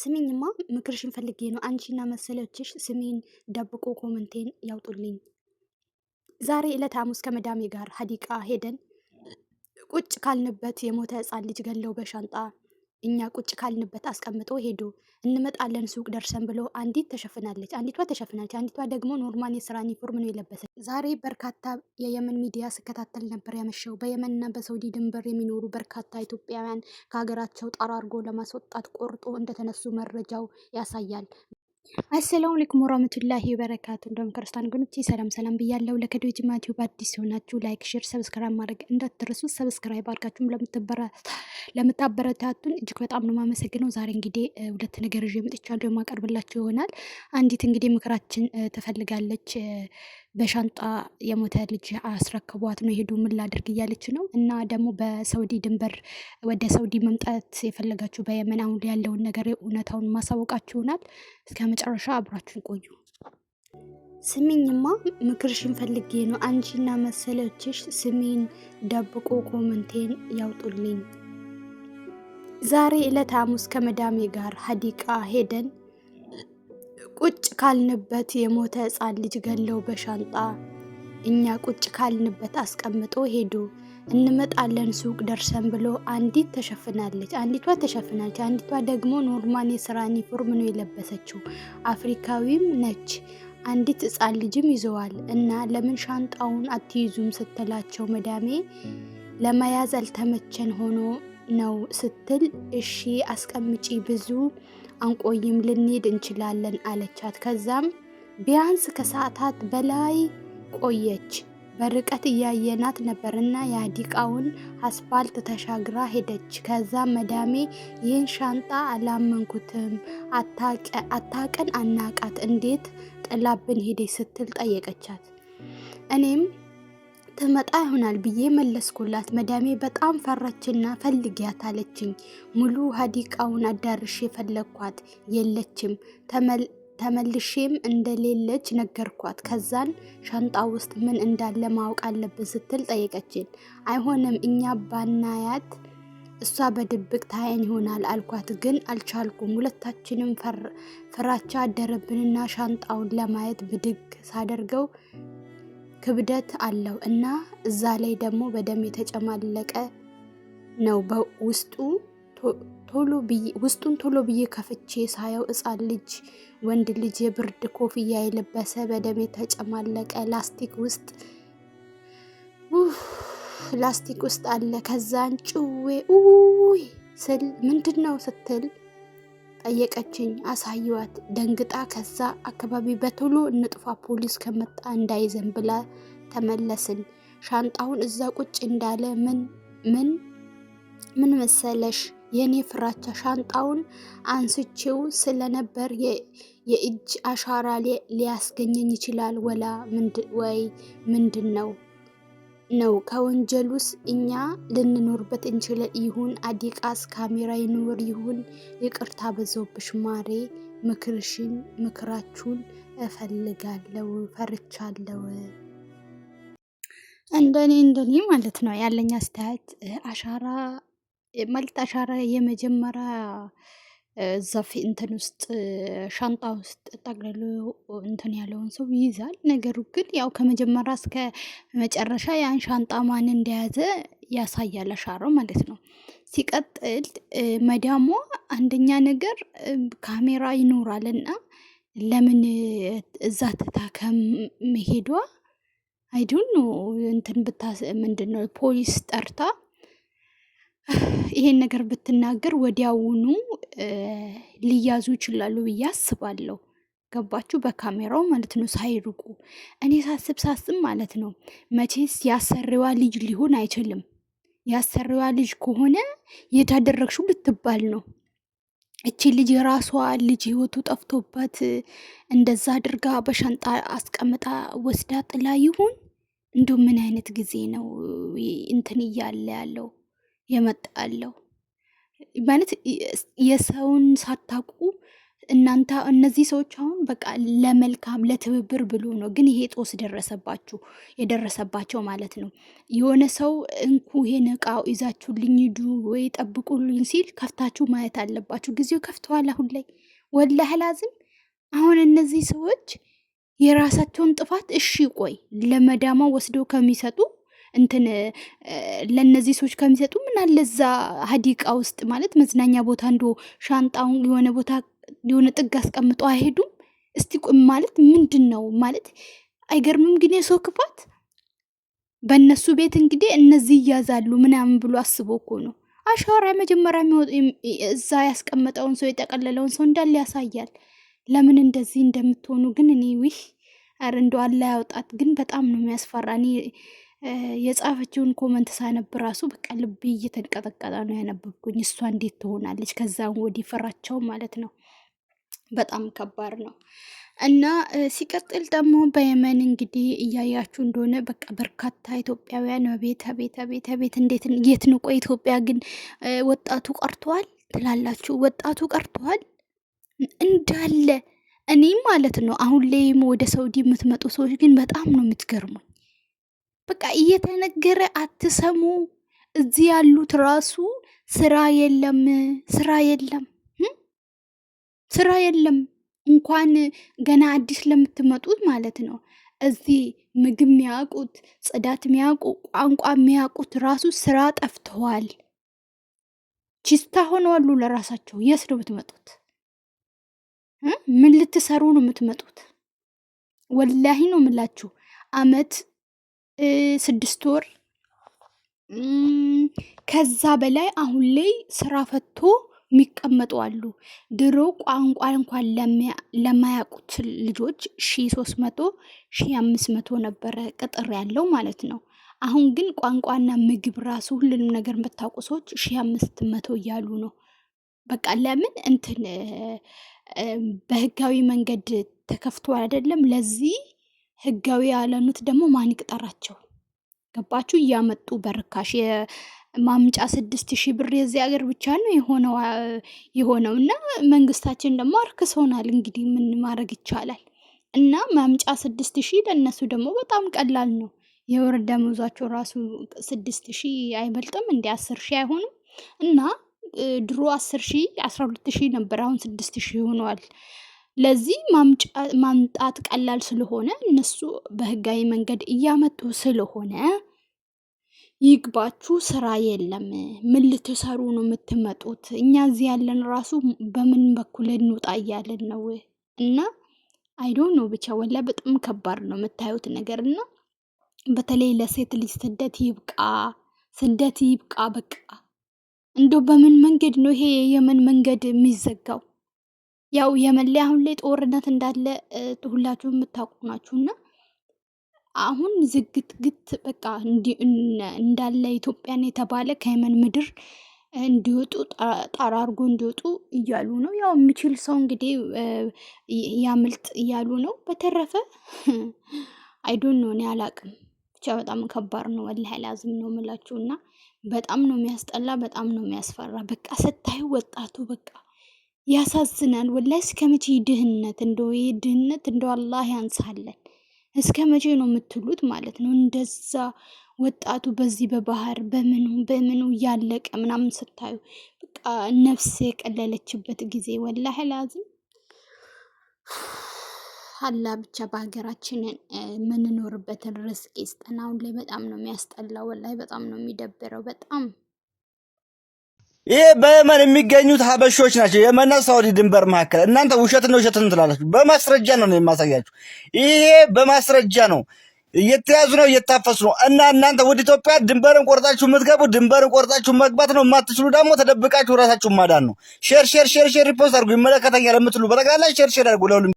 ስሚኝማ ምክርሽን ፈልጌ ነው። አንቺና መሰለችሽ ስሜን ደብቆ ኮመንቴን ያውጡልኝ። ዛሬ ዕለት ሐሙስ ከመዳሜ ጋር ሀዲቃ ሄደን ቁጭ ካልንበት የሞተ ህፃን ልጅ ገለው በሻንጣ እኛ ቁጭ ካልንበት አስቀምጦ ሄዶ እንመጣለን ሱቅ ደርሰን ብሎ አንዲት ተሸፍናለች፣ አንዲቷ ተሸፍናለች፣ አንዲቷ ደግሞ ኖርማን የስራ ዩኒፎርም ነው የለበሰች። ዛሬ በርካታ የየመን ሚዲያ ስከታተል ነበር ያመሸው። በየመንና በሳውዲ ድንበር የሚኖሩ በርካታ ኢትዮጵያውያን ከሀገራቸው ጠራርጎ ለማስወጣት ቆርጦ እንደተነሱ መረጃው ያሳያል። አሰላሙ አለይኩም ወራህመቱላሂ ወበረካቱ። እንደም ክርስቲያን ወገኖቼ ሰላም ሰላም ብያለሁ። ለከዲዮ ጅማቲው በአዲስ ሲሆናችሁ ላይክ፣ ሼር፣ ሰብስክራይብ ማድረግ እንዳትረሱ። ሰብስክራይብ አድርጋችሁም ለምታበረታቱን እጅግ በጣም ነው የማመሰግነው። ዛሬ እንግዲህ ሁለት ነገር ይዤ መጥቻለሁ፣ የማቀርብላችሁ ይሆናል። አንዲት እንግዲህ ምክራችን ትፈልጋለች በሻንጣ የሞተ ልጅ አስረክቧት ነው የሄዱ ምን ላድርግ እያለች ነው። እና ደግሞ በሳውዲ ድንበር ወደ ሳውዲ መምጣት የፈለጋችሁ በየመን አሁን ያለውን ነገር እውነታውን ማሳወቃችሁናል። እስከ መጨረሻ አብራችሁን ቆዩ። ስሚኝማ፣ ምክርሽን ፈልጌ ነው። አንቺና መሰለችሽ ስሜን ደብቆ ኮመንቴን ያውጡልኝ። ዛሬ ዕለት ሐሙስ ከመዳሜ ጋር ሀዲቃ ሄደን ቁጭ ካልንበት የሞተ ህፃን ልጅ ገለው በሻንጣ እኛ ቁጭ ካልንበት አስቀምጦ ሄዱ። እንመጣለን ሱቅ ደርሰን ብሎ አንዲት ተሸፍናለች፣ አንዲቷ ተሸፍናለች፣ አንዲቷ ደግሞ ኖርማን የስራ ዩኒፎርም ነው የለበሰችው። አፍሪካዊም ነች። አንዲት ህፃን ልጅም ይዘዋል እና ለምን ሻንጣውን አትይዙም ስትላቸው መዳሜ ለመያዝ አልተመቸን ሆኖ ነው ስትል እሺ አስቀምጪ፣ ብዙ አንቆይም ልንሄድ እንችላለን አለቻት። ከዛም ቢያንስ ከሰዓታት በላይ ቆየች። በርቀት እያየናት ነበርና የአዲቃውን አስፋልት ተሻግራ ሄደች። ከዛም መዳሜ ይህን ሻንጣ አላመንኩትም፣ አታቀን አናቃት፣ እንዴት ጥላብን ሄደች ስትል ጠየቀቻት። እኔም ትመጣ ይሆናል ብዬ መለስኩላት። መዳሜ በጣም ፈራችና ፈልጊያት አለችኝ። ሙሉ ሀዲቃውን አዳርሼ ፈለግኳት፣ የለችም። ተመልሼም እንደሌለች ነገርኳት። ከዛን ሻንጣ ውስጥ ምን እንዳለ ማወቅ አለብን ስትል ጠየቀችን። አይሆንም እኛ ባናያት እሷ በድብቅ ታየን ይሆናል አልኳት። ግን አልቻልኩም። ሁለታችንም ፍራቻ አደረብንና ሻንጣውን ለማየት ብድግ ሳደርገው ክብደት አለው እና እዛ ላይ ደግሞ በደም የተጨማለቀ ነው። ውስጡን ቶሎ ብዬ ከፍቼ ሳየው ህፃን ልጅ ወንድ ልጅ የብርድ ኮፍያ የለበሰ በደም የተጨማለቀ ላስቲክ ውስጥ ላስቲክ ውስጥ አለ። ከዛን ጭዌ ውይ ስል ምንድን ነው ስትል ጠየቀችኝ። አሳየዋት። ደንግጣ ከዛ አካባቢ በቶሎ እንጥፋ ፖሊስ ከመጣ እንዳይዘን ብላ ተመለስን። ሻንጣውን እዛ ቁጭ እንዳለ ምን ምን ምን መሰለሽ የእኔ ፍራቻ ሻንጣውን አንስቼው ስለነበር የእጅ አሻራ ሊያስገኘኝ ይችላል ወላ ወይ ምንድን ነው ነው። ከወንጀሉስ እኛ ልንኖርበት እንችለ ይሁን? አዲቃስ ካሜራ ይኖር ይሁን? ይቅርታ በዛብሽ ማሬ፣ ምክርሽን ምክራችሁን እፈልጋለው፣ ፈርቻለው። እንደኔ እንደኔ ማለት ነው ያለኝ አስተያየት አሻራ ማለት አሻራ የመጀመሪያ እዛ እንትን ውስጥ ሻንጣ ውስጥ ጠቅልሎ እንትን ያለውን ሰው ይይዛል። ነገሩ ግን ያው ከመጀመሪያ እስከ መጨረሻ ያን ሻንጣ ማን እንደያዘ ያሳያል አሻራው ማለት ነው። ሲቀጥል መዳሟ አንደኛ ነገር ካሜራ ይኖራል እና ለምን እዛ ትታ ከመሄዷ አይዱን እንትን ብታ ምንድን ነው ፖሊስ ጠርታ ይሄን ነገር ብትናገር ወዲያውኑ ሊያዙ ይችላሉ ብዬ አስባለሁ። ገባችሁ? በካሜራው ማለት ነው ሳይርቁ። እኔ ሳስብ ሳስብ ማለት ነው መቼስ ያሰሪዋ ልጅ ሊሆን አይችልም። ያሰሪዋ ልጅ ከሆነ የታደረግሽው ልትባል ነው። እቺ ልጅ የራሷ ልጅ ህይወቱ ጠፍቶበት እንደዛ አድርጋ በሻንጣ አስቀምጣ ወስዳ ጥላ ይሁን እንዲሁ ምን አይነት ጊዜ ነው እንትን እያለ ያለው? የመጣለው ማለት የሰውን ሳታውቁ እናንተ እነዚህ ሰዎች አሁን በቃ ለመልካም ለትብብር ብሎ ነው፣ ግን ይሄ ጦስ ደረሰባችሁ የደረሰባቸው ማለት ነው። የሆነ ሰው እንኩ ይሄን እቃ ይዛችሁልኝ ሂዱ ወይ ጠብቁልኝ ሲል ከፍታችሁ ማየት አለባችሁ። ጊዜው ከፍተዋል አሁን ላይ ወላሂ ላዝም። አሁን እነዚህ ሰዎች የራሳቸውን ጥፋት እሺ ቆይ ለመዳማ ወስደው ከሚሰጡ እንትን ለእነዚህ ሰዎች ከሚሰጡ ምናለ ለዛ ሀዲቃ ውስጥ ማለት መዝናኛ ቦታ እንዶ ሻንጣውን የሆነ ቦታ የሆነ ጥግ አስቀምጦ አይሄዱም። እስቲ ማለት ምንድን ነው ማለት አይገርምም። ግን የሰው ክፋት በእነሱ ቤት እንግዲህ እነዚህ እያዛሉ ምናምን ብሎ አስቦ እኮ ነው። አሻራ መጀመሪያ እዛ ያስቀመጠውን ሰው የጠቀለለውን ሰው እንዳለ ያሳያል። ለምን እንደዚህ እንደምትሆኑ ግን እኔ ዊህ ኧረ እንደው አላ ያውጣት። ግን በጣም ነው የሚያስፈራ እኔ የጻፈችውን ኮመንት ሳነብ ራሱ በቃ ልብ እየተንቀጠቀጠ ነው ያነበብኩኝ። እሷ እንዴት ትሆናለች? ከዛም ወዲህ ፈራቸው ማለት ነው። በጣም ከባድ ነው እና ሲቀጥል ደግሞ በየመን እንግዲህ እያያችሁ እንደሆነ በቃ በርካታ ኢትዮጵያውያን ቤተ ቤተ ቤተ ቤት እንዴት የት ንቆ ኢትዮጵያ ግን ወጣቱ ቀርተዋል ትላላችሁ። ወጣቱ ቀርተዋል እንዳለ እኔ ማለት ነው። አሁን ላይም ወደ ሳውዲ የምትመጡ ሰዎች ግን በጣም ነው የምትገርሙኝ። በቃ እየተነገረ አትሰሙ። እዚህ ያሉት ራሱ ስራ የለም፣ ስራ የለም፣ ስራ የለም። እንኳን ገና አዲስ ለምትመጡት ማለት ነው። እዚህ ምግብ የሚያውቁት ጽዳት የሚያውቁ ቋንቋ የሚያውቁት ራሱ ስራ ጠፍተዋል። ችስታ ሆነዋሉ ለራሳቸው። የት ነው የምትመጡት? ምን ልትሰሩ ነው የምትመጡት? ወላሂ ነው የምላችሁ አመት ስድስት ወር ከዛ በላይ አሁን ላይ ስራ ፈቶ የሚቀመጡ አሉ። ድሮ ቋንቋ እንኳን ለማያውቁት ልጆች ሺ ሶስት መቶ ሺ አምስት መቶ ነበረ ቅጥር ያለው ማለት ነው። አሁን ግን ቋንቋና ምግብ ራሱ ሁሉንም ነገር የምታውቁ ሰዎች ሺ አምስት መቶ እያሉ ነው። በቃ ለምን እንትን በህጋዊ መንገድ ተከፍቶ አይደለም ለዚህ ህጋዊ ያለኑት ደግሞ ማን ይቅጠራቸው? ገባችሁ? እያመጡ በርካሽ የማምጫ ስድስት ሺህ ብር የዚህ ሀገር ብቻ ነው የሆነው እና መንግስታችን ደግሞ አርክስ ሆናል። እንግዲህ ምን ማድረግ ይቻላል? እና ማምጫ ስድስት ሺህ ለእነሱ ደግሞ በጣም ቀላል ነው። የወር ደመወዛቸው ራሱ ስድስት ሺህ አይበልጥም እንዲ አስር ሺህ አይሆንም እና ድሮ አስር ሺህ አስራ ሁለት ሺህ ነበር አሁን ስድስት ሺህ ሆነዋል። ለዚህ ማምጣት ቀላል ስለሆነ እነሱ በህጋዊ መንገድ እያመጡ ስለሆነ ይግባችሁ፣ ስራ የለም። ምን ልትሰሩ ነው የምትመጡት? እኛ እዚህ ያለን ራሱ በምን በኩል እንውጣ እያለን ነው እና አይዶ ነው ብቻ ወላ በጣም ከባድ ነው የምታዩት ነገር እና በተለይ ለሴት ልጅ ስደት ይብቃ፣ ስደት ይብቃ። በቃ እንደው በምን መንገድ ነው ይሄ የምን መንገድ የሚዘጋው? ያው የመን ላይ አሁን ላይ ጦርነት እንዳለ ሁላችሁ የምታውቁ ናችሁ። እና አሁን ዝግትግት በቃ እንዳለ ኢትዮጵያን የተባለ ከየመን ምድር እንዲወጡ አድርጎ እንዲወጡ እያሉ ነው። ያው የሚችል ሰው እንግዲህ ያምልጥ እያሉ ነው። በተረፈ አይዶን ነው እኔ አላቅም። ብቻ በጣም ከባድ ነው። ወላሂ ላዝም ነው የምላችሁ እና በጣም ነው የሚያስጠላ፣ በጣም ነው የሚያስፈራ። በቃ ስታዩ ወጣቱ በቃ ያሳዝናል። ወላሂ እስከ መቼ ድህነት እንደው ይህ ድህነት እንደው አላህ ያንሳለን። እስከ መቼ ነው የምትሉት ማለት ነው። እንደዛ ወጣቱ በዚህ በባህር በምኑ በምኑ እያለቀ ምናምን ስታዩ በቃ ነፍስ የቀለለችበት ጊዜ ወላሂ ላዝም አላ ብቻ በሀገራችንን የምንኖርበትን ርስቅ ይስጠን። አሁን ላይ በጣም ነው የሚያስጠላው። ወላሂ በጣም ነው የሚደብረው በጣም ይህ በየመን የሚገኙት ሀበሾች ናቸው። የመንና ሳውዲ ድንበር መካከል እናንተ ውሸት ነው ውሸት ትላላችሁ። በማስረጃ ነው የማሳያችሁ። ይሄ በማስረጃ ነው። እየተያዙ ነው፣ እየታፈሱ ነው። እና እናንተ ወደ ኢትዮጵያ ድንበርን ቆርጣችሁ የምትገቡ ድንበርን ቆርጣችሁ መግባት ነው። የማትችሉ ደግሞ ተደብቃችሁ ራሳችሁ ማዳን ነው። ሼር ሼር ሼር ሼር ሪፖርት አድርጉ። ይመለከተኛል የምትሉ በጠቅላላ ሼር ሼር አድርጉ ለሁሉ